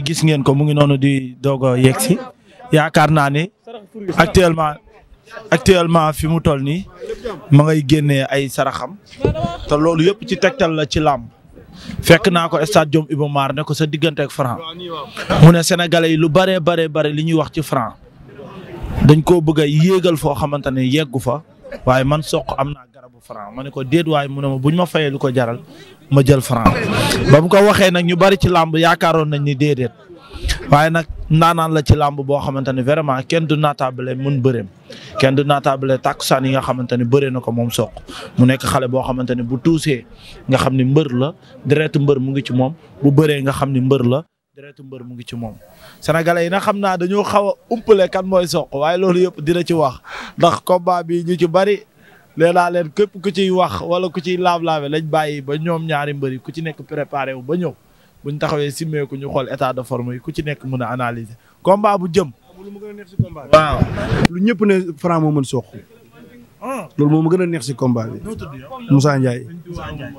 gis ngeen ko mu ngi noonu di doog a yegg si yaakaar naa ne actuellement actuellement fi mu toll nii mu ngay génne ay saraxam te loolu yëpp ci tegtal la ci làmb fekk naa ko stade Diom Iba Mar ne ko sa diggante ak Franc mu ne sénégalais yi lu bare bare bare li ñuy wax ci Franc dañ ko bëgg yéegal foo xamante ne yeggu fa waaye man soq am naa franc ma ne ko déet waay mu ne ma bu ma fayee lu ko jaral ma jël franc ba mu ko waxee nag ñu bari ci làmb yaakaaroon nañ ni déedéet waaye nag naanaan la ci làmb boo xamante ne vraiment kenn du naataabale mun bëreem kenn du naataabale takkusaan yi nga xamante ne bëree na ko moom soq mu nekk xale boo xamante ne bu tuusee nga xam ni mbër la deretu mbër mu ngi ci moom bu bëree nga xam ni mbër la. deretu mbër mu ngi ci moom sénégalais yi nag xam naa dañoo xaw a umpale kan mooy soq waaye loolu yëpp dina ci wax ndax combat bi ñu léegi daa leen képp ku ciy wax wala ku ci laab-laabe lañ bàyyi ba ñoom ñaari mbëri ku ci nekk préparé wu ba ñëw ñu taxawee simmeeku ñu xool état de forme yi ku ci nekk mun a analyser combat bu jëm. waaw. lu ñëpp ne Franc moo mën Sokh. Ah. loolu moo ma gën a neex si combat bi. Moussa Ndiaye.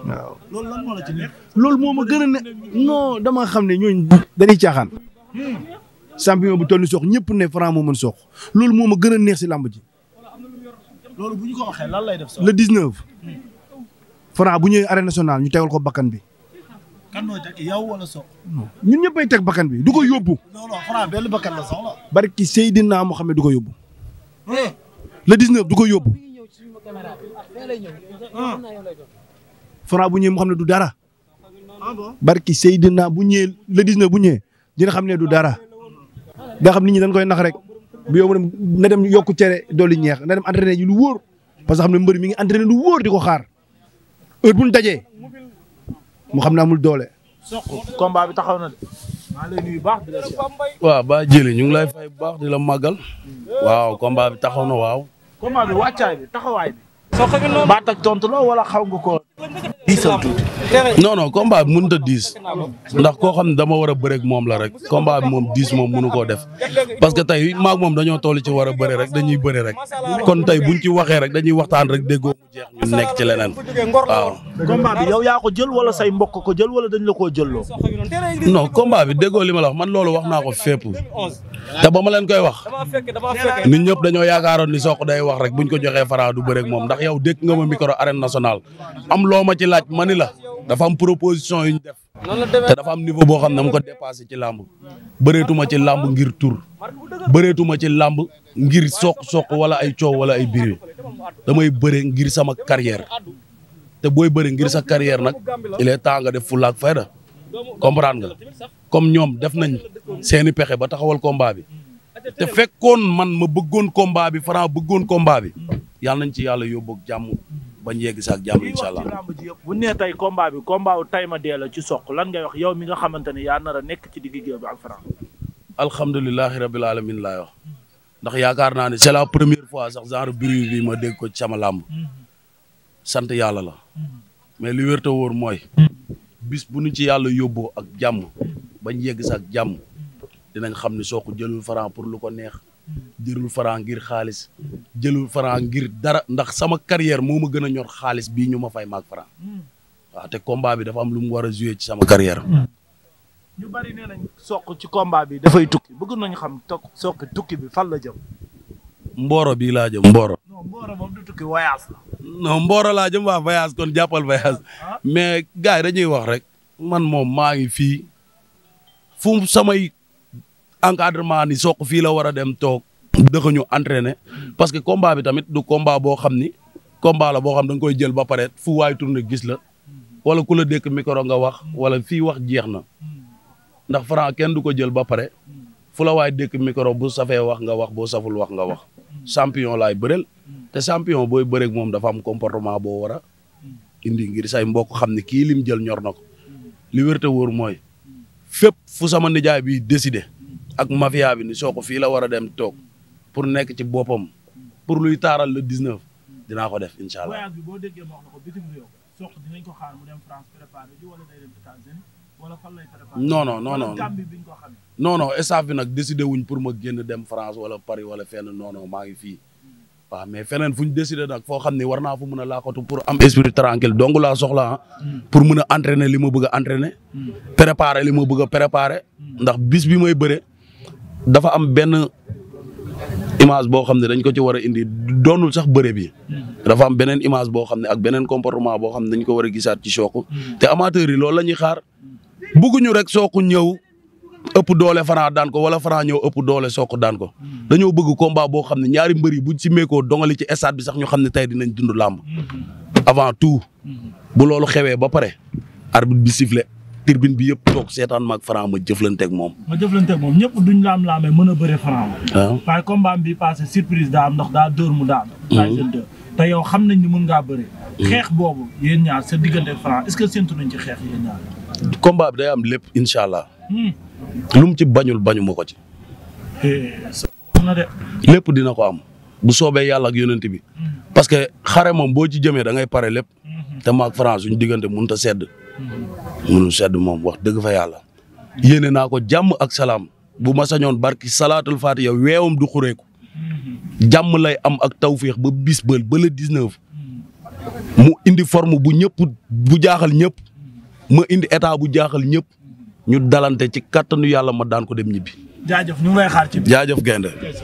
waaw. loolu lan moo la loolu moo ma gën a ne dama xam ne ñooñu dañuy caaxaan. Hmm. bu toll ni ñëpp ne Franc moo mën Sokh loolu moo ma gën a neex si làmb ji. loolu bu ñu ko waxee lan lay def le 19. Franc bu ñëwee arène nationale ñu tegal ko bakkan bi. kan nooy teg yow wala Sokh. ñun ñëppay teg bakkan bi du ko yóbbu. non non Franc benn bakkan la soxla. barki Seydina Mohamed du ko yóbbu. le 19 du ko yóbbu. Ah, Franc bu ñëwee mu xam ne du dara. Ah barki Seydina bu ñëwee le 19 bu ñëwee dina xam ne du dara. daa xam nit ñi dañ koy nax rek. bu yow mu dem na dem yokku cere dolli ñeex na dem entraîné ji lu wóor parce que xam ne mbër mi ngi entraîné lu wóor di ko xaar heure bu ñu dajee mu xam ne amul doole. soq combat bi taxaw na de. maa ngi lay ba jëli ñu ngi lay fay bu baax di la màggal. waaw combat bi taxaw na waaw. combat bi wàccaay tontu la wala xaw nga ko. diisal tuuti non non combat bi mënut diis ndax koo xam ne dama war a bëre moom la rek combat bi moom diis moom mënu koo def parce que tey maag moom dañoo toll ci war a rek dañuy bëre rek kon tey buñ ci waxee rek dañuy waxtaan rek déggoo mu jeex ñu nekk ci leneen waaw. combat bi yow yaa ko jël wala say mbokk ko jël wala dañ la koo jëlloo. non combat bi déggoo li ma la wax man loolu wax naa ko fépp te ba ma leen koy wax nit ñëpp dañoo yaakaaroon ni Sokh day wax rek buñ ko joxee Franc du moom ndax yow dégg nga ma micro arène national am loo laaj ma ni la dafa am proposition yu ñu def te dafa am niveau boo xam ne mu ko dépassé ci làmb bëreetuma ci lamb ngir tur bëreetuma ci làmb ngir soq-soq wala ay coow wala ay biri damay bëre ngir sama carrière te booy bëre ngir sa carrière nag il est nga def fulla ak fayda comprendre nga comme ñoom def nañ seeni pexe ba taxawal combat bi te fekkoon man ma bëggoon combat bi bëggoon combat bi nañ ci yàlla yóbbu ak bañ yegg saak jàmm incha allah bu nee tey combat bi combat wu tay ma dee la ci soq lan ngay wax yow mi nga xamante ne yaa nar a nekk ci digg géew bi ak Franc alhamdulilahi rabil alamin laay ndax yaakaar naa ne c'est la première fois sax genre bruit bi ma dégg ko ci sama làmb sant yàlla la mais li wér te bu ñu ci yàlla yóbboo ak jàmm bañ yegg saak jàmm dinañ xam ne soo ko jëlul Franc lu ko neex jëlul franc ngir xaalis jëlul franc dara ndax sama carrière moo ma gën a ñor xaalis bii ñu ma fay maag franc waaw te combat bi dafa am lu mu war a joué ci sama carrière ñu ci combat bi dafay tukki bëgg nañ xam tokk bi fan la jëm mbooro laa jëm mbooro non mbooro moom du tukki mbooro laa ah. mais gars yi dañuy wax man moom maa ngi fii fu samay encadrement ni soq fii la war a dem toog dëkk ñu entraîner parce que combat bi tamit du combat boo xam ni combat la boo xam da nga koy jël ba pare fu waay tourné gis la wala ku la dékk micro nga wax wala fii wax jeex na ndax Franc kenn du ko jël ba pare fu la waay dékk micro bu safee wax nga wax boo saful wax nga wax champion laay bëreel te champion booy bëreeg moom dafa am comportement boo war a indi ngir say mbokk xam ni kii lim jël ñor na ko li wér mooy fépp fu sama nijaay bi décidé ak mafia bi ni soo ko fii la war a dem toog pour nekk ci boppam pour luy taaral le 19 dinaa ko def incha allah. voyage bi boo déggee ma wax la ko bitim réew sox dinañ ko xaar mu décidé wuñ pour ma génn dem France wala Paris wala fenn non non maa ngi fii. waa mais feneen fu ñu décidé nag foo xam ne war naa fa mën a laaxatu pour am esprit tranquille donc laa soxla ah. hmm. pour mën a entraîner li ma bëgg a entraîner. Hmm. préparer li ma bëgg a préparer. Hmm. ndax bis bi may bëre. dafa am benn image boo xam ne dañ ko ci war a indi doonul sax bëre yi dafa am beneen image boo xam ne ak beneen comportement boo xam ne dañ ko war a gisaat ci Sokh te amateur yi loolu la xaar bëgguñu rek Sokh ñëw ëpp doole Franc daan ko wala Franc ñëw ëpp doole Sokh daan ko dañoo bëgg combat boo xam ne ñaari mbër yi buñ si meekoo dongali ci stade bi sax ñu xam ne tey dinañ dund làmb avant tout bu loolu xewee ba pare arbitre tribune bi yëpp toog seetaan maag Franc ma jëflanteeg moom. ma jëflanteeg moom ñëpp duñ laam laamee mën a bëre Franc. waaw ah. waaye combat bi passé surprise daa am ndax daa dóor mu daan. Hmm. te yow xam nañ ni mën ngaa bëre. Hmm. xeex boobu yéen ñaar sa diggante Franc est-ce que séntu nañ ci xeex yéen ñaar. combat bi day am lépp incha allah. Hmm. lu mu ci bañul bañu ma ko ci. lépp dina ko am. bu soobee yàlla ak bi. parce que xare moom boo da ngay pare lépp. te maag Franc suñu diggante mënut a sedd. mënu sed moom wax dëgg fa yàlla yéene naa ko jàmm ak salaam bu ma sañoon barki salaatul faatiha weewam du xureeku jàmm lay am ak tawféex ba bis ba ba le 19 mu indi forme bu ñëpp bu jaaxal ñëpp ma indi état bu jaaxal ñëpp ñu dalante ci kattanu yàlla ma daan ko dem ñibbi. jaajëf ñu ngi lay